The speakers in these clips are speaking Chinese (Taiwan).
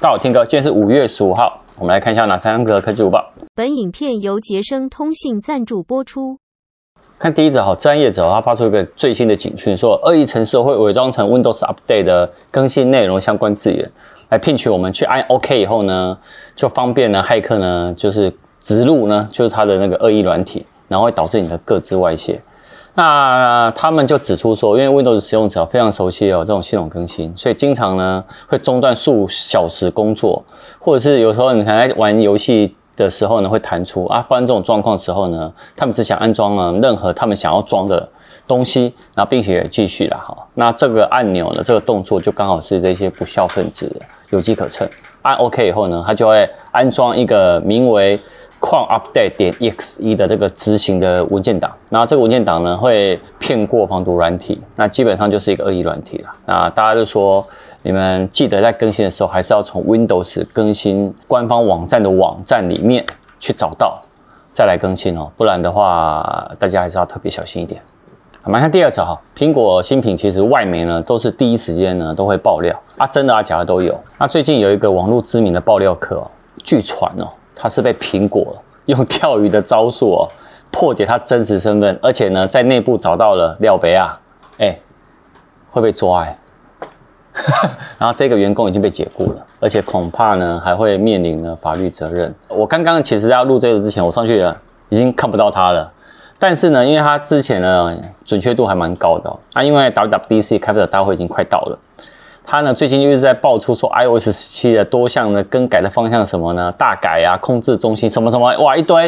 大家好，Tim 哥，今天是五月十五號，我們來看一下哪三個科技午報。本影片由傑生通信贊助播出。看第一則，好，專業者，他發出一個最新的警訊，說惡意程式會偽裝成 Windows Update 的更新內容相關字眼，來騙取我們去按 OK 以後呢，就方便呢，駭客呢，就是植入呢，就是他的那個惡意軟體，然後會導致你的個資外洩。那他們就指出說，因為 Windows 使用者非常熟悉哦這種系統更新，所以經常呢會中斷數小時工作，或者是有時候你可能在玩遊戲的時候呢會彈出啊，發生這種狀況的時候呢，他們只想安裝了任何他們想要裝的東西，然後並且也繼續了哈，那這個按鈕呢這個動作就剛好是這些不肖分子，有機可乘，按 OK 以後呢，他就會安裝一個名為。框 update 點 ex exe 的這個執行的文件檔，那這個文件檔呢會騙過防毒軟體，那基本上就是一個惡意軟體啦。那大家就說，你們記得在更新的時候，還是要從 Windows 更新官方網站的網站裡面去找到，再來更新哦，不然的話，大家還是要特別小心一點。好，來看第二招哈、哦，蘋果新品其實外媒呢都是第一時間呢都會爆料啊，真的啊假的都有。那最近有一個網絡知名的爆料客哦，據傳哦。他是被蘋果用釣魚的招數哦，破解他真實身份，而且呢在內部找到了廖北亞，哎、欸、會被抓哎、欸， 然後這個員工已經被解僱了，而且恐怕呢還會面臨呢法律責任。我剛剛其實在錄這個之前，我上去了已經看不到他了，但是呢因為他之前呢準確度還蠻高的，啊。因為 WWDC 開發者大會已經快到了。他呢最近又是在爆出說 iOS 17的多項的更改的方向，什麼呢？大改啊，控制中心什麼什麼，哇一堆。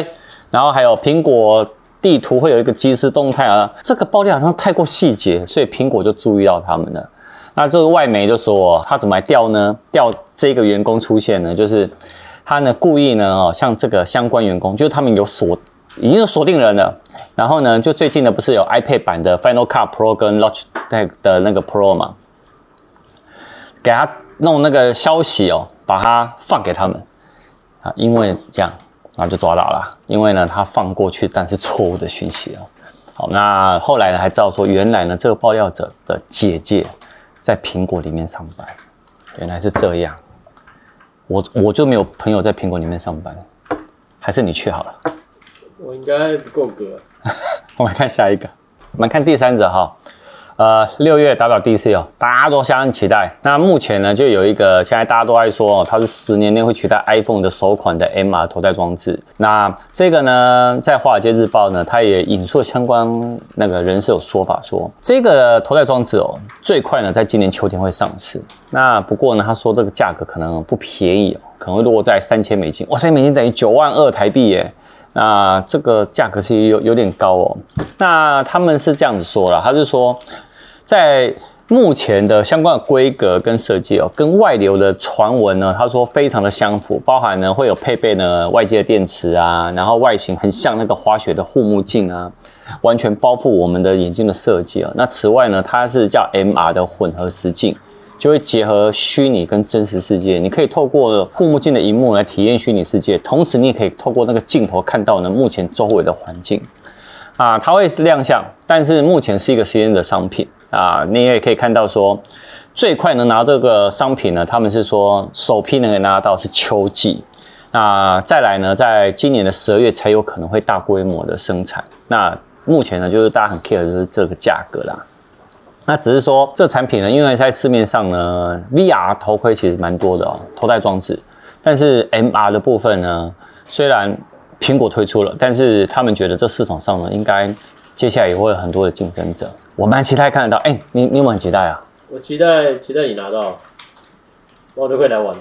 然後還有蘋果地圖會有一個即時動態啊，這個爆料好像太過細節，所以蘋果就注意到他們了。那這個外媒就說，他怎麼還調呢？調這個員工出現呢？就是他呢故意呢哦，像這個相關員工，就是他們有鎖，已經有鎖定人了。然後呢，就最近呢不是有 iPad 版的 Final Cut Pro 跟 Logic 的那個 Pro 嘛？給他弄那個消息哦，把他放給他們啊，因為這樣，然後就抓到了。因為呢，他放過去，但是錯誤的訊息哦。好，那後來呢，還知道說，原來呢，這個爆料者的姐姐在蘋果裡面上班，原來是這樣。我我就沒有朋友在蘋果裡面上班，還是你去好了。我應該不夠格。 我們看下一個，我們看第三者哈、哦。呃，六月 WWDC 哦大家都相當期待。那目前呢，就有一個現在大家都愛說哦，它是十年內會取代 iPhone 的首款的 MR 頭戴裝置。那這個呢，在華爾街日報呢，它也引述了相關那個人士有說法說，這個頭戴裝置哦，最快呢在今年秋天會上市。那不過呢，他說這個價格可能不便宜哦，可能會落在三千美金。哇，三千美金等於九萬二台幣耶。那這個價格是有有點高哦。那他們是這樣子說了，他是說，在目前的相關的規格跟設計哦，跟外流的傳聞呢，他說非常的相符，包含呢會有配備呢外接的電池啊，然後外形很像那個滑雪的護目鏡啊，完全包覆我們的眼睛的設計啊。那此外呢，它是叫 MR 的混合實境，就會結合虛擬跟真實世界，你可以透過護目鏡的螢幕來體驗虛擬世界，同時你也可以透過那個鏡頭看到呢，目前周圍的環境。啊，它會亮相，但是目前是一個實驗的商品啊。你也可以看到說，最快能拿這個商品呢，他們是說首批能給拿到是秋季。啊，那再來呢，在今年的十二月才有可能會大規模的生產。那目前呢，就是大家很 care 就是這個價格啦。那只是說，這產品呢，因為在市面上呢，VR 頭盔其實蠻多的，哦，頭戴裝置。但是 MR 的部分呢，雖然蘋果推出了，但是他們覺得這市場上呢，應該接下來也會有很多的競爭者。我蠻期待看得到，哎，你你，你有沒有很期待啊？我期待期待你拿到，我都會來玩。